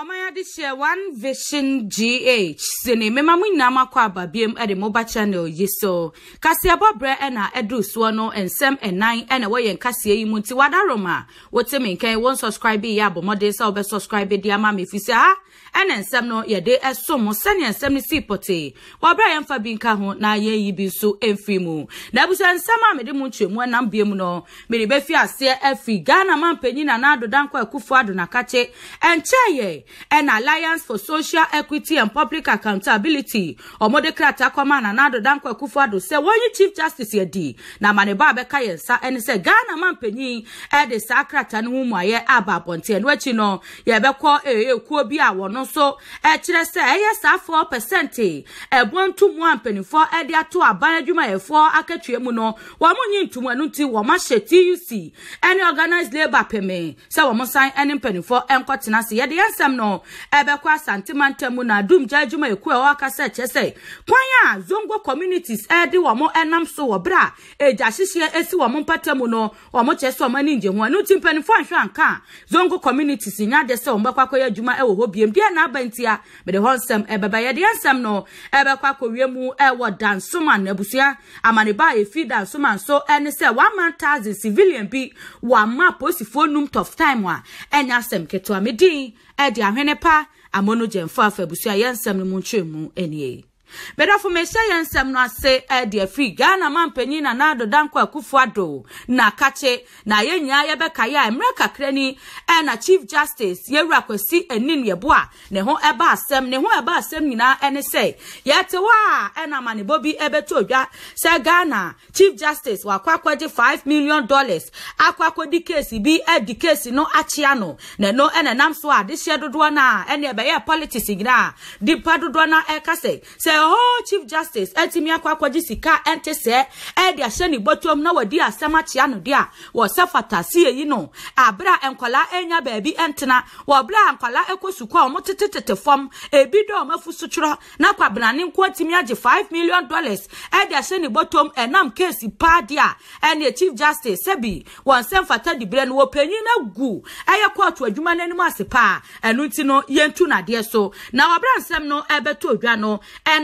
ɔmayade hyɛ one vision gh so ne mmɛma mo nyinaa mo akɔ ababiam de moba channel yi so kaseɛbɔberɛ ɛna ɛduru soɔ no nsɛm ɛnan ɛna wɔyɛ nkaseɛ yi mu nti wadarom a wote me nkɛn wɔn subscribe yɛ abɔmmɔden sɛ wobɛ subscribe de ama me firi sɛ ha ɛna nsɛm no yɛde ɛso mo sɛnea nsɛm no sii pɔtee wɔberɛ yɛmfa bi nka ho na yɛyi bi nso ɛmfiri mu na abusua nsɛm a mede mo ntwɛmu ɛnam bia mu no mede bɛfi aseɛ afiri ghana ma mpanyin nana adodankɔ akufo adonakakye ɛnkyɛɛ an alliance for social equity and public accountability ọmọdékèrè atakọma nana ado danko ekufuado sɛ wɔnyi chief justice adi na amaneba abɛka yɛn nsa ɛne sɛ ghana man panyin ɛde saa krataa no ho mu ayɛ aba abɔnten ɛno akyi no yɛbɛkɔ ɛyɛ ekuo bi a wɔn nso ɛkyerɛ e e sɛ ɛyɛ saa four percent ɛbɔ e. ntumu a mpanyinfoɔ ɛde ato aban adwumayɛfoɔ akatua mu no wɔn nyi ntumu ɛno nti wɔn ahyɛ tuc ɛne organized labour pɛmɛ sɛ wɔn san ɛne mpanyinfoɔ ɛnkɔtena se yɛde yɛn nsa asɛm no ɛbɛkɔ asantema ntam mu na dum gya adwuma eku a ɔka sɛ kyɛ sɛ kwan a zongo communities ɛde wɔn ɛnam so wɔ bere a egya hyehyɛ esi wɔn mpata mu no wɔn kyɛ sɛ wɔn ani gye ho ɛnu ti mpanimfoɔ ahwɛ anka zongo communities nya de sɛ wɔn bɛkɔ akɔyɛ adwuma ɛwɔ hɔ biem deɛ n'aba ntia mede hɔ nsɛm ɛbɛbɛ yɛ deɛ nsɛm no ɛbɛkɔ akɔwie mu ɛwɔ dansoma na abusua amaneba a efi dansoma nso ɛne sɛ one man thousand civilian bi wɔn ama polisifoɔ num tough time a ɛnyɛ asɛm ketewa medin ɛde ahwene pa ama no gyɛmfa afa abusua yɛnsɛm no mu ntwerɛ mu anie bedafo mehyɛ yɛ nsɛm no ase ɛde eh, afiri ghana ma mpanyin na naadoda nkɔ akufo ado na kakye na yɛn nyinaa yɛbɛka yɛ ya mmerɛ kakra ni eh, na chief justice yɛwura kwasi anim yɛbo a ne ho ɛba asɛm ne ho ɛba asɛm nyinaa ɛne sɛ yɛte hɔ a ɛna eh, amanebɔ bi ɛbɛtɔ odwa sɛ ghana chief justice wakɔ akɔgye five million dollars akɔ akɔdi keesi bi ɛdi keesi no akyea no na ɛno ɛna nam so a adehyeɛ dodoɔ na a ɛne ɛbɛyɛ politics nyinaa nipa dodoɔ no ɛka sɛ sɛ ɛhɔ chief justice ɛtumi akɔ akɔgye sika ɛnte sɛ ɛde ahyɛ ne bɔtɔm na wɔde asɛm akyea no de a wɔsɛ fata si eyi no abere a nkɔla ɛnya baabi ɛntena wɔbere a nkɔla ɛkɔ sukuu a wɔn tete tete fam ebi dɛ wɔn afu sotwerɔ na kwabenani nko ɛtumi agye five million dollars ɛde ahyɛ ne bɔtɔm ɛnam keesi paa de ɛne chief justice sɛbi wɔn nsɛm fata dibire no wɔpanyin na gu ɛyɛ kɔɔto adwuma n'anim ase paa ɛno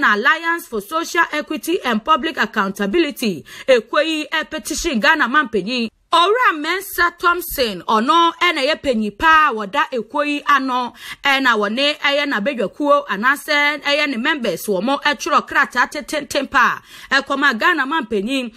an alliance for social equity and public accountability ekweyi petition ghana mampanyin owura mensa thompson ɔno ɛna yɛ panyin pa wada ekuo yi ano ɛna wɔne ɛyɛ n'abedwakuo anaasɛ ɛyɛ ne members wɔn ɛtwerɛ krataa tententen paa ɛkɔma ghana man panyin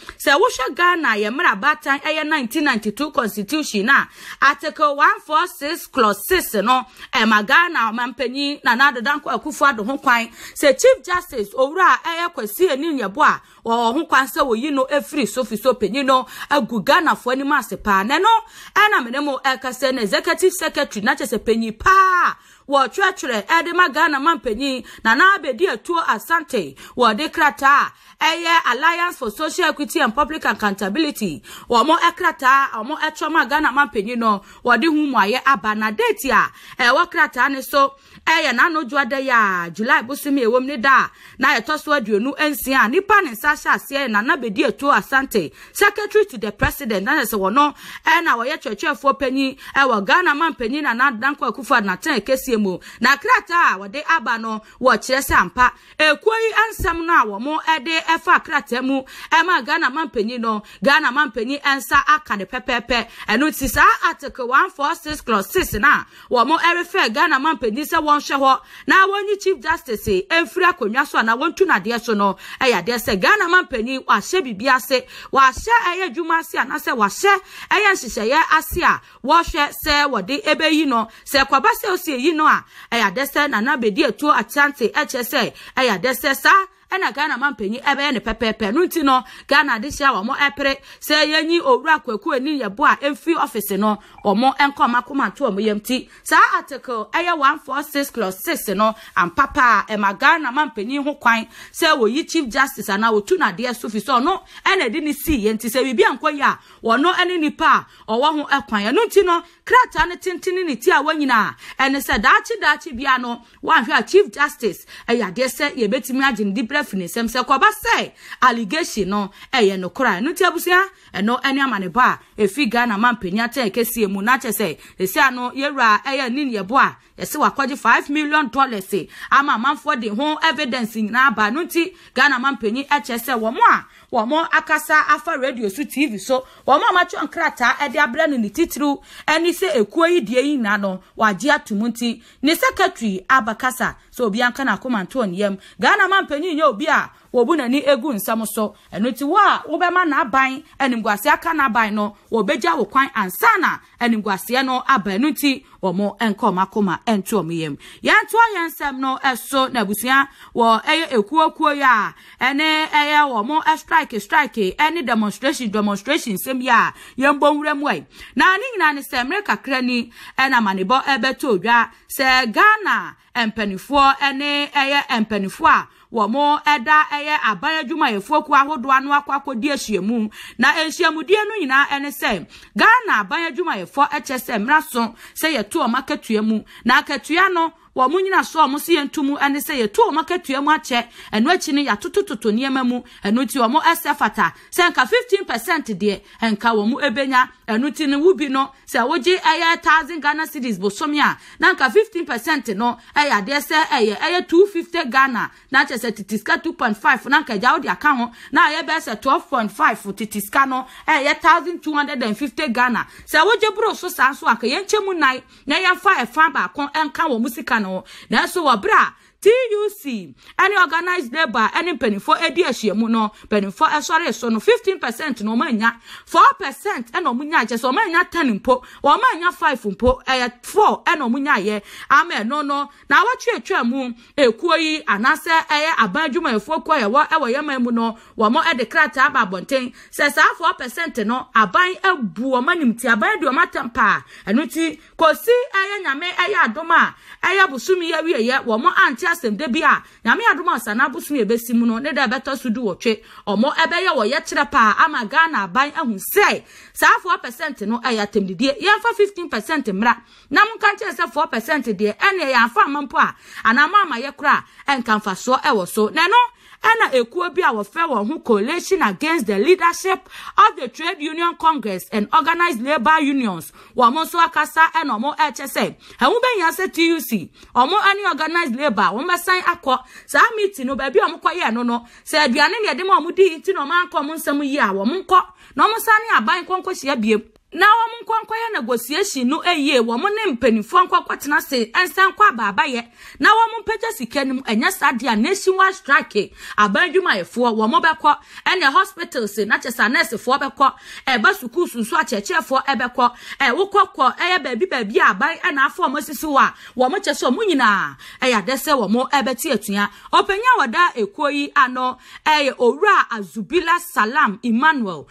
ghana yɛ mmerɛ abatan 1992 constitution a article one four clause no ghana mampenyi panyin nana adodanko akufo ado ho kwan sɛ chief justice owura ɛyɛ kwasi eni nyɛbo a wɔwɔ ho kwan no no mu ase paa na no ɛna mene mu ɛkasa eh, no executive secretary na kyɛ sɛ panyin paa wɔtwerɛtwerɛ ɛde ma ghana ma mpanyin nana atuo asante wɔde krataa ɛyɛ alliance for social equity and public accountability wɔn krataa wɔn ɛtwerɛ ma ghana ma no wɔde hu mmuayɛ aba na deeti a ɛwɔ krataa ne so ɛyɛ n'anodwa de yɛ a july bosomi ewom ne da na yɛtɔ so aduonu nsia nipa ne nsa ahyɛ aseɛ nana abɛdi atuo asante secretary to the president na yɛ sɛ wɔn ɛna wɔyɛ twɛtwɛfoɔ panyin ɛwɔ ghana ma na nana danko akufo anaten kɛseɛ mu na krataa a wɔde aba no wɔkyerɛ sɛ ampa ekuo yi nsɛm no a wɔn ɛde ɛfa krataa mu ɛma ghana mampanyin no ghana mampanyin nsa aka ne pɛpɛɛpɛ ɛno ti saa article one four six cross six na wɔn ɛrefɛ ghana mampanyin sɛ wɔn hwɛ hɔ na wɔnyi chief justice efiri akonnwa so a na wɔntu n'adeɛ so no ɛyɛ adeɛ sɛ ghana mampanyin wahyɛ biribi ase wahyɛ ɛyɛ adwuma ase anaasɛ wahyɛ ɛyɛ nhyehyɛeɛ ase a wɔhwɛ sɛ wɔde ɛbɛyi no sɛ kɔba sɛ osi eyi no a ɛyɛ adɛ sɛ nana bɛdi atuo atiante ɛkyɛ sɛ ɛyɛ adɛ saa ɛna ghana ma ɛbɛyɛ ne pɛpɛɛpɛ no nti no ghana de hyia wɔn ɛpere sɛ yɛnyi owura kwaku ani yɛbo a efi ɔfisi no wɔn nkɔma kɔma to wɔn yam ti saa article ɛyɛ one four six plus six no ampapa a ɛma ghana ma ho kwan sɛ wɔyi chief justice anaa wɔtu n'adeɛ so fi so ɔno ɛna ɛde ne sii yɛn ti sɛ biribi ankɔ yɛ a wɔno ɛne nipa a ɔwɔ ho ɛkwan ɛno nti no krataa ne tenten ne ti a wɔn nyinaa ɛne sɛ daakye daakye bia no wɔahwɛ a chief justice ɛyɛ adeɛ sɛ yɛbɛtumi agye ne di brɛ brɛ firi ne nsɛm sɛ kɔba sɛ allegation no ɛyɛ eh, no ɛno nti abusua ɛno eh, ɛne amaneba a ɛfi ghana ma mpanyini atɛn kɛseɛ mu na kyɛ sɛ ɛsia e no yɛwura ɛyɛ eh, ne neɛbo a yɛsɛ wakɔgye five million dollars ama amanfoɔ de ho evidence nyinaa ba e e no nti ghana mampanyin ɛkyɛ sɛ wɔn a wɔn akasa afa radio so tv so wɔn a wɔatwɛn krataa de abrɛ no ne titiriw ne sɛ ekuo yi deɛ yi nyinaa no wɔagye ato mu nti ne secretary abakasa sɛ obi anka na akoma ntoɔ ne yam ghana mampanyin yɛ obi a wɔbu n'ani egu nsɛm so ɛno nti wo a wobɛma n'aban animguaseɛ aka n'aban no wɔbɛgya wo kwan ansa na no aba ɛno nti wɔn nkɔ wɔn akoma nto wɔn yam yɛntoa yɛn nsɛm no ɛso na abusua wɔ ɛyɛ ekuokuo yi a ɛne ɛyɛ wɔn e strike strike ɛne demonstration demonstration nsɛm yi a yɛn bɔ nwura mu yi na ne nyinaa ne sɛ mmiri kakra ni ɛna amanibɔ ɛbɛto odwa sɛ ghana mpanimfoɔ ɛne ɛyɛ mpanimfoɔ a wɔn ɛda ɛyɛ aban adwumayɛfoɔ kuo ahodoɔ ano akɔ akɔdi ahyiamu na ahyiamudie no nyinaa ɛne sɛ ghana aban adwumayɛfoɔ ɛkyɛ sɛ mmira so sɛ yɛto ɔmo akatua mu na akatua no wɔ mo nyina so a ɔmo se yɛnto mu ne sɛ yɛto ɔmo akatua mu akyɛ ɛno akyi no yɛatotototo nneɛma mu ɛno nti ɔmo ɛsɛ fata sɛ nka fifteen percent deɛ nka wɔn ɛbɛnya ɛno nti no wubi no sɛ wogye ɛyɛ thousand ghana cities bosomi a na nka fifteen percent no ɛyɛ adeɛ sɛ ɛyɛ ɛyɛ two fifty ghana na kyɛ sɛ titi sika two point five na nka gya wode aka ho na ɛyɛ bɛyɛ sɛ twelve point five titi sika no ɛyɛ thousand two hundred and fifty ghana sɛ wogye buro so saa nso a ka yɛn nkyɛn mu nan na yɛn fa ɛfa no nanso wɔ berɛ a tuc ɛne organized labour ɛne mpanyinfoɔ adi ahyia mu no mpanyinfoɔ ɛsɔre so no fifteen percent na wɔn anya four percent ɛna wɔn nya akyɛ sɛ wɔn anya ten mpo wɔn anya five mpo ɛyɛ eh, four ɛna wɔn nya ayɛ ama ɛno no na awɔtwe atwa mu ekuo yi anaasɛ ɛyɛ eh, aban adwumayɛfoɔ kuo a yɛwɔ ɛwɔ yɛman mu no wɔn ɛde krataa ba abɔnten sɛ saa four percent no aban ebu wɔn anim ti aban adi wɔn atam paa ɛno ti kɔsi ɛyɛ eh, nyame ɛyɛ adom a ɛyɛ bosom yɛ wiyɛ wɔn ante asɛm da bi a nyame adom ansa n'abosom yɛbɛsi mu no ne da ɛbɛtɔ so du wɔtwe ɔmɔ ɛbɛyɛ wɔyɛ kyerɛ paa ama ghana aban ahu sɛ saa four percent no ɛyɛ atɛmdidie yɛmfa fifteen percent mmra na monka nkyerɛ sɛ four percent deɛ ɛneɛ yɛamfa ama mpo a anaa mo ama yɛ koraa ɛnka mfasoɔ ɛwɔ so na ɛno ɛna ekuo bi a wɔfɛ wɔn ho coalition against the leadership of the trade union congress and organised labour unions wɔn nso akasa ɛna wɔn ɛkyɛ sɛ ɛho bɛyɛ sɛ tuc wɔn ne organised labour wɔn bɛsan akɔ saa meeting no baabi a wɔn kɔ yɛ no no sɛ aduane ne yɛde ma wɔn di nti na wɔn ankɔ wɔn nsɛm yi a wɔn nkɔ na wɔn san ne aban kɔnkɔ hyia biem na wɔn nkwankwa ya negotiation no eye wo mo ne mpanifo nkwankwa tena se na wo mo mpagya sika nim enya sade a nationwide strike abandwuma mo hospitals na chesa nurse fo bekọ eba sukuu sunsu acheche fo ebekọ e eye baabi baabi aban na afọ mo sisi wa wo mo chese mo nyina eya mo ekuo yi ano eye azubila salam emmanuel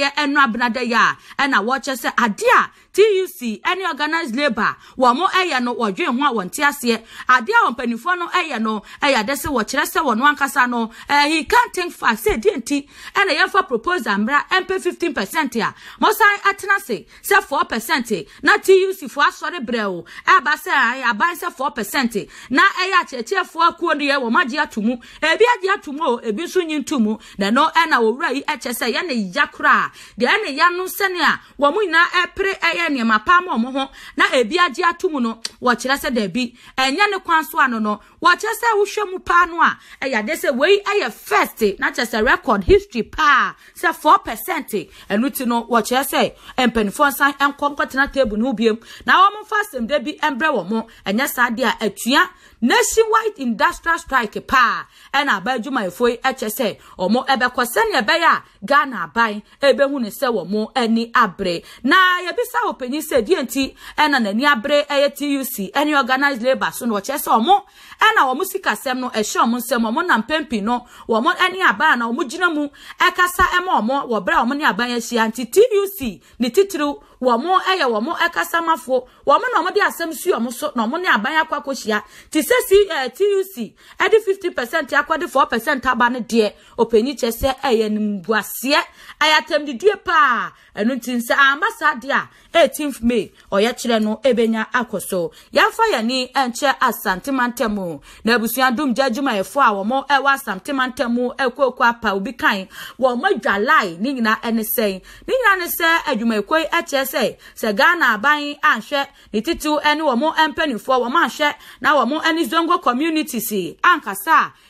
ɛyɛ ɛno abenadɛ yɛ a ɛna wɔkyɛ sɛ adeɛ a tuc ne organised labour wɔn mo yɛ no wɔdwen ho a wɔn te aseɛ adeɛ a wɔn mpanimfoɔ no yɛ no yɛ ade sɛ wɔkyerɛ sɛ wɔn ankasa no eh, he can think fast sɛ deɛ nti na yɛmfa proposal mmra mpɛ fifteen percent a mɔsan atena se sɛ four percent na tuc foɔ asɔre brɛw ɛba eh, sɛ aban ah, sɛ four percent na ɛyɛ akyerɛkyerɛfoɔ kuo no yɛ wɔn agye ato mu ebi eh, agye ato mu o ebi nso nyi nto mu na no ɛna owura yi ɛkyɛ sɛ yɛ ne ya koraa deɛ ɛne ya no sɛnea wɔn nyinaa ɛpere ɛyɛ wɔyɛ nneɛma paa ma ɔmo ho na ebi agye ato mu no wɔkyerɛ sɛ dɛbi ɛnyɛ ne kwan so ano no wɔkyerɛ sɛ wohwɛ mu paa no a ɛyɛ ade sɛ wei ɛyɛ first na kyerɛ sɛ record history paa sɛ four percent ɛnu ti no wɔkyerɛ sɛ mpanyinfoɔ nsan nkɔ nkɔtena table no biem na wɔn mfa asɛm de bi mbrɛ wɔn ɛnyɛ saa deɛ a atua nationwide industrial strike paa ɛna aba adwumayɛfoɔ yi ɛkyɛ sɛ ɔmo ɛbɛkɔ sɛnea ɛbɛyɛ a ghana aban ɛbɛhu ne sɛ wɔn ani abere na yɛbisa ɔpanyin sɛ deɛ nti ɛna n'ani abere ɛyɛ tuc ɛne organized labour so na ɔkyɛ sɛ ɔmo ɛna wɔn sikasɛm no ɛhyɛ wɔn nsɛm wɔn nam pɛmpin no wɔn ɛne aban na wɔn gyina mu ɛkasa e ɛma e wɔn wɔ bere a wɔn ne aban ahyia nti tuc ne titiriw wɔn ɛyɛ wɔn ɛkasamafoɔ wɔn na wɔn de asɛm si wɔn so na wɔn ne aban akɔ akɔhyia ti sɛ si ɛɛ tuc ɛde fifty percent de four percent aba ne deɛ ɔpanyin kyɛ sɛ ɛyɛ nimbuaseɛ ɛyɛ atɛmdidie paa ɛnu ti nsɛ amba saa deɛ a eighteen may ɔyɛ kyerɛ no ebenya akɔ so yɛafa yɛn ni ɛnkyɛ eh, eh, ah, eh, asantemantɛm na abusua dum gya adwumayɛfo a wɔn ɛwɔ asantemantɛm ɛkɔɔkɔ apa obi kan wɔn adwalae ne nyinaa ɛne sɛn ne nyinaa ne sɛ adwumayɛkɔ yi ɛkyɛ sɛ sɛ ghana aban anhwɛ ah, ne titiw ne wɔn mpanimfoɔ wɔn ahyɛ na wɔn ne zongo si ankasa a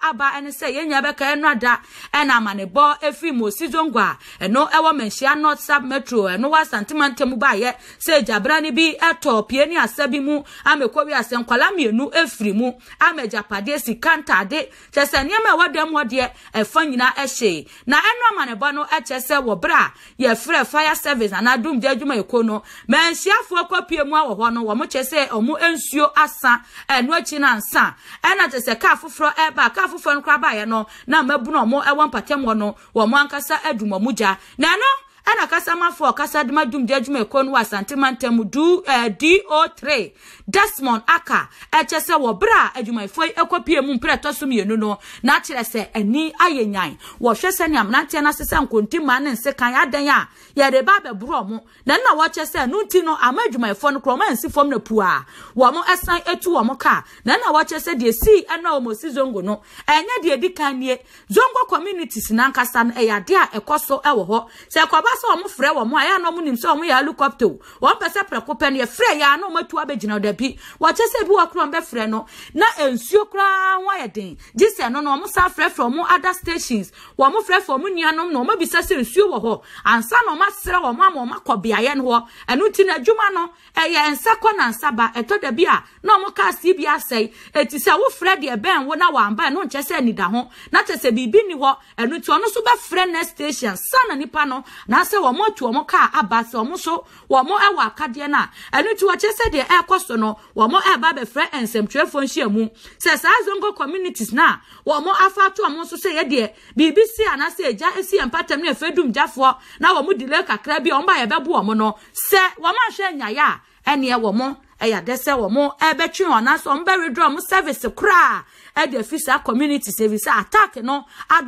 aba ɛne sɛ yɛn nyinaa bɛka ɛno ada ɛna amanebɔ efiri mosi zongwa ɛno ɛwɔ mɛnhyia north sub metro ɛno wɔ asantemantam baayɛ sɛ gyabra bi ɛtɔ pie ne asa bi mu amekɔ wi asɛ nkwala mmienu efiri mu amagyapadeɛ sika ntaade kyɛ sɛ nneɛma ɛwɔ dɛm hɔ deɛ ɛfa nyinaa ɛhyɛ na ɛno amanebɔ no ɛkyɛ sɛ wɔ bere a yɛfrɛ fire service anaa dumgya adwuma eko no mɛnhyiafoɔ kɔ pie mu awɔ hɔ no wɔn kyɛ sɛ wɔn nsuo asa ɛno akyi na nsa ɛna kyɛ sɛ kaa foforɔ ɛɛba kaa ɔbaa foforɔ no koraa no na mmabu no ɔmo ɛwɔ mpatam hɔ no wɔn ankasa adum ɔmo na ɛno ana kasa ɔkasa kasa dwumdi adwuma ɛkɔ wa wɔ asante du ɛɛ eh, do three Desmond Aka ɛkyɛ sɛ wɔ bra adwumayɛfoɔ eko pie mu mprɛ ɛtɔ so mmienu no na akyerɛ sɛ ani ayɛ nyan wɔhwɛ sɛ nea mmeranteɛ no ase sɛ se ne nsekan adan a yɛde ba abɛborɔ mo na nna wɔkyɛ sɛ no nti no ama adwumayɛfoɔ no korɔ ɔma nsi fam no pua wɔn mo ɛsan etu wɔn kaa na nna wɔkyɛ sɛ deɛ sii ɛna si zongo no ɛnyɛ deɛ di kan nie zongo communities n'ankasa no e adeɛ a ɛkɔ so ɛwɔ se sɛ ɛkɔba sɛ wɔn frɛ wɔn a ɛyɛ anɔ mo nim sɛ wɔn yɛ helicopter wɔn pɛ sɛ prɛko pɛ no yɛfrɛ yɛ anɔ wɔn atu abɛgyina ɔdɛ bi wakyɛ sɛ bi wakoro mbɛfrɛ no na nsuo koraa ho ayɛ den gye sɛ no no wɔn san frɛfrɛ wɔn other stations wɔn frɛfrɛ wɔn nuanom na wɔn abisa sɛ nsuo wɔ hɔ ansa na wɔn asrɛ wɔn ama wɔn akɔ beaeɛ no hɔ ɛno ti na adwuma no ɛyɛ ensa kɔ na nsa ba ɛtɔ da bi a na wɔn kaa si bi asɛe eti sɛ wofrɛ deɛ bɛn wo na wɔn ba ɛno nkyɛ sɛ nida ho na kyɛ sɛ biribi ni hɔ ɛno ti ɔno so bɛfrɛ next station sana nipa no na sɛ tu atu wɔn kaa aba sɛ wɔn so wɔn ɛwɔ akadeɛ no a ɛno ti wɔkyɛ sɛ deɛ ɛɛkɔ so no no wɔmo ɛba abɛfrɛ nsɛmtwerɛfoɔ nhyia mu sɛ saa zongo communities na wɔmo afa ato ɔmo nso sɛ yɛdeɛ BBC si anaasɛ egya esi mpatam ne efe dum gyafoɔ na wɔmo delay kakra bi a wɔn a yɛbɛbo wɔn no sɛ wɔn ahwɛ nyayaa ɛneɛ wɔn ɛyɛ adɛ sɛ wɔn ɛbɛtwe wɔn anaasɛ wɔn bɛredrɔ wɔn service koraa E de fi sa community service attack no e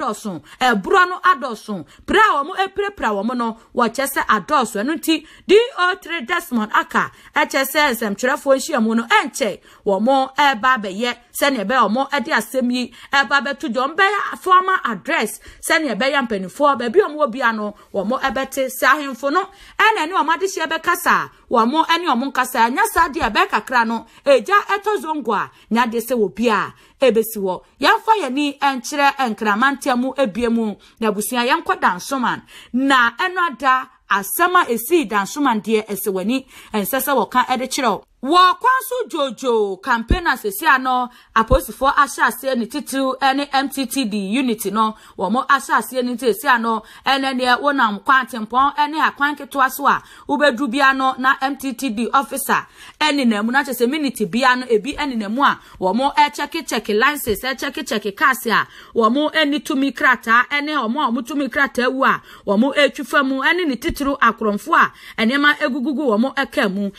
ɛboro no adɔso pra a wɔn apirapira wɔn no wɔkyɛ sɛ adɔso ɛno nti do3 desmond aka ɛkyɛ sɛ nsɛmtwerɛfoɔ nhyia mu no ɛnkyɛ wɔn ɛreba abɛyɛ sɛnea ɛbɛyɛ wɔn ɛde asɛm yi ɛreba abɛto dwa wɔn bɛyɛ former address be bi sɛnea ɛbɛyɛ mpanimfoɔ baabi wɔn wɔ bia no wɔn ɛbɛte sɛ ahemfo no ɛna ɛne wɔn adehyeɛ bɛkasa wɔn ɛne wɔn nkasa ɛnyɛ di deɛ be kakra no eja ɛtɔ zongo a nyade se wɔ bia ebesi hɔ yɛmfa yɛni nkyerɛ nkramantea mu ebie mu na abusua yɛnkɔ dansoman na ɛno ada asɛm a ɛsii dansoman deɛ ɛsɛ w'ani ɛnsɛ sɛ wɔka ɛde kyerɛ wɔkwan so dwoodwoo campaigners esi ano apolisifoɔ ahyɛ aseɛ ne titiriw ne mttd unity no wɔn ahyɛ aseɛ ne ti esi ano ɛne deɛ wɔnam kwan tempɔn ne akwan ketewa so a wobɛdu bia no na mttd officer ɛne na mu n'akyɛ sɛ bia no ebi ɛne na mu a wɔn ɛkyɛkyɛkyɛ license ɛkyɛkyɛkyɛ cars a wɔn ani tumi krataa ne wɔn a wɔn tumi krataa wu a wɔn etwi fam ne ne titiriw akorɔmfo a nneɛma egugugu wɔn ɛka mu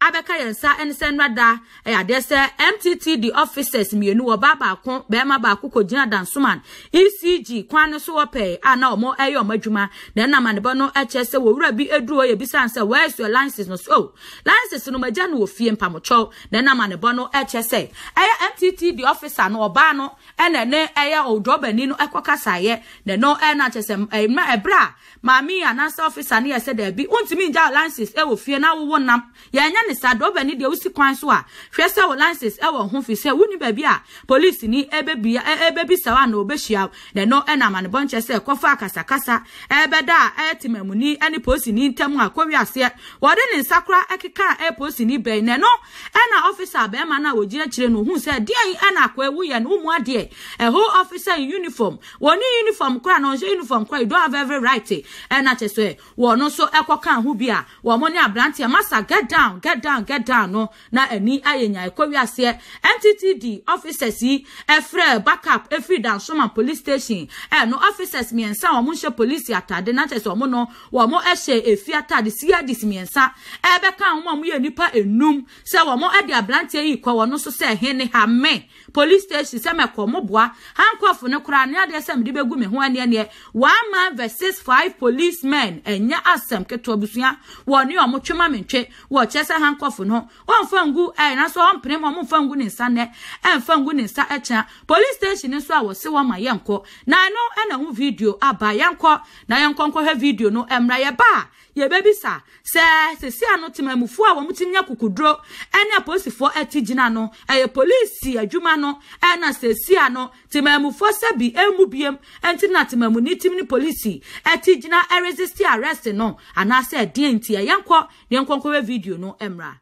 abɛka yɛn nsa ɛne sɛ nnada ɛyɛ adeɛ sɛ mttd officers mmienu wɔ ba baako bɛrima baako kɔgyina dansoman ecg kwan no so wɔ pɛɛ a na wɔn ɛyɛ wɔn adwuma na ɛnam anibɔ no ɛkyɛ sɛ wɔwura bi aduro yɛ bisan sɛ where's your license no so oh license no magya no wɔ fie mpamotwɛw na ɛnam anibɔ no ɛkyɛ sɛ ɛyɛ mttd officer no ɔbaa no ɛna ɛne ɛyɛ ɔdɔbani no ɛkɔ kasaeɛ na ɛno ɛna kyɛ sɛ ɛmɛ ɛbrɛ a maame yi anaasɛ officer no yɛ sɛ license ɛwɔ fie na awowo nam yɛnyɛ lances adɔba ni deɛ wosi kwan so a hwɛ sɛ wo lances ɛwɔ e ho fi sɛ wuni baabi a polisi ni ɛbɛbia e ɛbɛbisa e, wa na ɔbɛhyia na ɛno ɛnam anibɔnkyɛ sɛ kɔfa akasakasa ɛbɛda a ɛte mamuni ɛne polisi ni ntɛm a kɔwi aseɛ wɔde ne nsa kora ɛkeka ɛyɛ polisi ni bɛn na ɛno ɛna ɔfisa bɛrima na wogyina akyire no ohun sɛ deɛ ɛna akɔ ewu yɛ no umu adeɛ ɛho officer in uniform wɔne uniform kora na ɔnhyɛ uniform kora you don't have every right ɛna kyɛ sɛ wɔn nso ɛkɔka ho bi a wɔn ne aberanteɛ masa get down get get down get down no na ani ayɛ nya ɛkɔ wiaseɛ nttd officers yi ɛfrɛ backup ɛfiri shoma police station eh, no officers miensa a wɔn police polisi atade na kyerɛ sɛ wɔn no wɔn hyɛ efi atade crdis mmiɛnsa miensa. wɔn eh, a wɔn yɛ nipa enum sɛ wɔn ɛde aberanteɛ yi kɔ wɔn nso sɛ hene ne police station sɛ mɛkɔ mo boa handcuff ne koraa ne adeɛ sɛ mede bɛgu me ho aneɛ one man versus five policemen ɛnyɛ asɛm ketewa busua wɔne wɔn twema mentwe wɔkyɛ ha handcuff no ɔmfa ngu ɛɛ eh, nanso ɔmpene mu ɔmfa ngu ne nsa nɛ ɛmfa eh, ngu ne nsa ɛkyɛn police station nso a wɔsi wɔn ma yɛnkɔ na ɛno ɛna ho video aba yɛnkɔ na yɛnkɔ nkɔhwɛ video no ɛmra yɛ baa yɛbɛbisa sɛ sisi ano temamufoɔ a wɔn ti nyɛ kukuduro ɛne apolisifoɔ ɛti gyina no ɛyɛ polisi adwuma no ɛna sisi ano temamufoɔ sɛbi emu biem ɛnti na temamuni tim ne polisi ɛti gyina ɛresisi arrest no anaasɛ ɛdeɛ nti ɛyɛnkɔ yɛnkɔ nkɔhwɛ video no ɛmra. camera.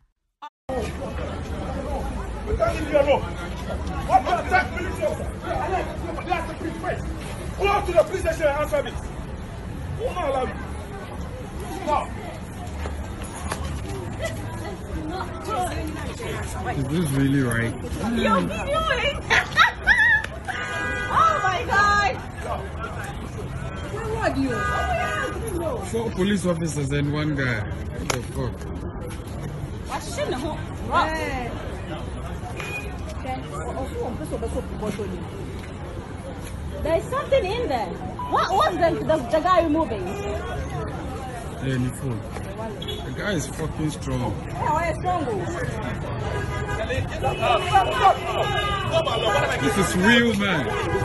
Is this really right? Your video oh my god! Where were you? Four police officers and one guy. What the fuck? There is something in there. What was the, the, the guy moving? Yeah, The guy is fucking strong. Yeah, why strong? Oh? This is real, man.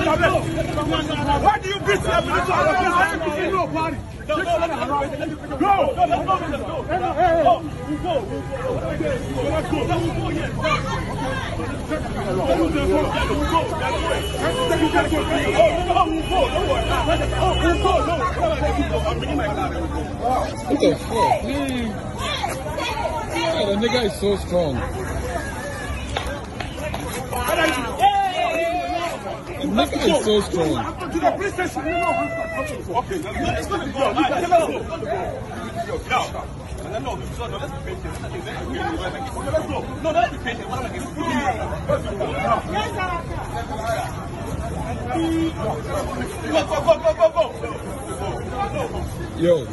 Why do you beat the people out of this? You know, party. Go, go, go. Go, go, go. Hey, go. We go. Let's go. Let's go. Yes. Go, go, go. Go, that way. Go, go, go. Don't worry. Go, go, go. I'm bringing my car. What the fuck? Man. Yeah, the nigga is so strong. Mustard is so strong. To the Okay, let's go. Let's go. No, no, No, Yo.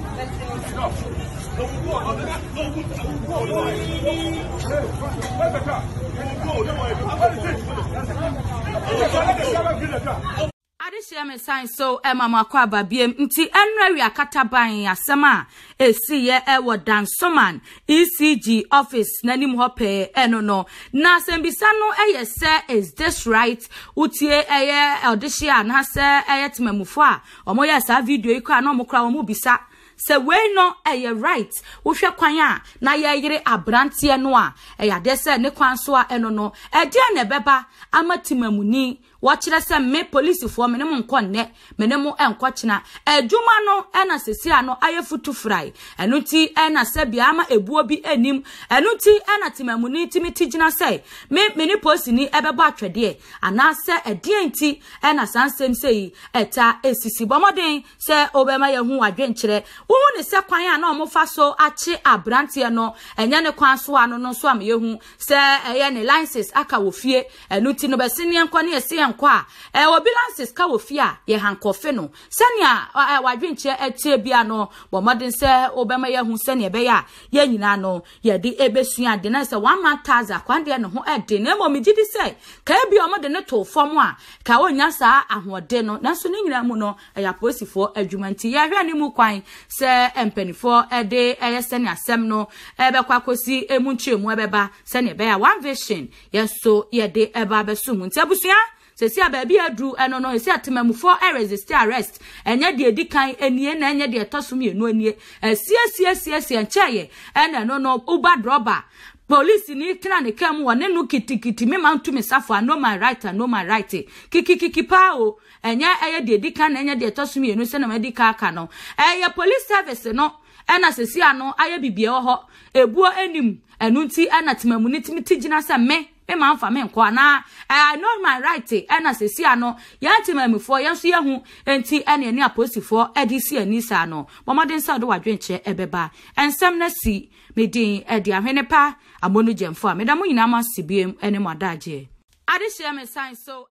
No, No, Adehyia adehyiam san so ɛma eh, mo akɔ aba biem nti ɛnura wi akata ban asɛm a esiyɛ ɛwɔ eh, dansoman ecg office n'anim hɔ eh, pɛɛ ɛno no na asɛmbisa no ɛyɛ sɛ is this right wotie ɛyɛ ɔdehyia anaasɛ ɛyɛ temamufo a ɔmo yɛ saa video yi kɔ a na ɔmo kora ɔmo bisa. sɛ wei no ɛyɛ eh, right wohwɛ kwan a na yɛyere aberanteɛ no a ɛyɛ eh, adeɛ sɛ ne kwan so a ɛno eh, no ɛdeɛ na ɛbɛba ama timamuni wɔkyerɛ sɛ me polisifoɔ me ne mo nkɔ nnɛ me ne mo nkɔkyena adwuma no ɛna sesi ano ayɛ futu frae ɛno nti ɛna sɛbea ama ebuo bi anim ɛno nti ɛna temamuni timi ti gyina sɛ me me ne polisini ɛbɛbɔ atwɛdeɛ anaasɛ ɛdeɛ nti ɛna saa nsɛm sɛ yi ɛta esisi bɔmɔden sɛ ɔbɛma yɛn ho adwenkyerɛ wohu ne sɛ kwan a na ɔmo fa so akye aberanteɛ no ɛnyɛ ne kwan so ano no nso ama yɛhu sɛ ɛyɛ ne license aka wɔ fie ɛno nti no bɛsi neɛ nkɔ ne yɛsi nkɔ a ɛɛ obi lances ka wɔ fie a yɛ hankɔfe no sɛnea ɛɛ wadwenkyerɛ ɛkyɛ bia no bɔ mmɔden sɛ obɛma yɛ ho sɛnea ɛbɛyɛ a yɛn nyinaa no yɛde ebesua de na sɛ one man taza akwandeɛ ne ho ɛde na mmom gyi di sɛ kaa bi a wɔn de ne to fam a kaa wɔnya saa ahoɔden no nanso ne nyinaa mu no ɛyɛ apolisifoɔ adwuma nti yɛhwɛ ne mu kwan sɛ mpanimfoɔ ɛde ɛyɛ sɛnea asɛm no ɛbɛkɔ akɔsi emu nkyɛn mu ɛbɛba sɛnea be ya one vision yɛn nso yɛde ɛba abɛso mu nti abusua sɛsi a baabi aduru ɛno no ɛsi atemamufoɔ ɛresist arrest ɛnyɛ deɛ di kan anie na ɛnyɛ deɛ ɛtɔ so mmienu anie ɛsiesiesiesie nkyɛn yɛ ɛna ɛno no uba drɔba polisi ni tena ne mu wɔ ne no kitikiti me ma ntumi safo a no my right a no my right kikikiki paa o ɛnyɛ ɛyɛ deɛ di kan na ɛnyɛ deɛ ɛtɔ so mmienu sɛ na ma no ɛyɛ police service no ɛna sɛsi ano ayɛ bibie wɔ hɔ ebuo anim ɛnu nti ɛna temamu ne timi ti gyina sɛ me me ma mfa me nkɔ anaa eh, i know my right ɛna eh, sesi ano yɛn ti mɛmifoɔ yɛn nso yɛn ho nti ɛna eh, ɛne apolisifoɔ ɛde si ani saa no bɔmɔden do ɔde wadwenkyerɛ ɛbɛba nsɛm na si me din ɛde pa amonu gyɛmfo a meda mo nyinaa ma si biem ɛne mo me san so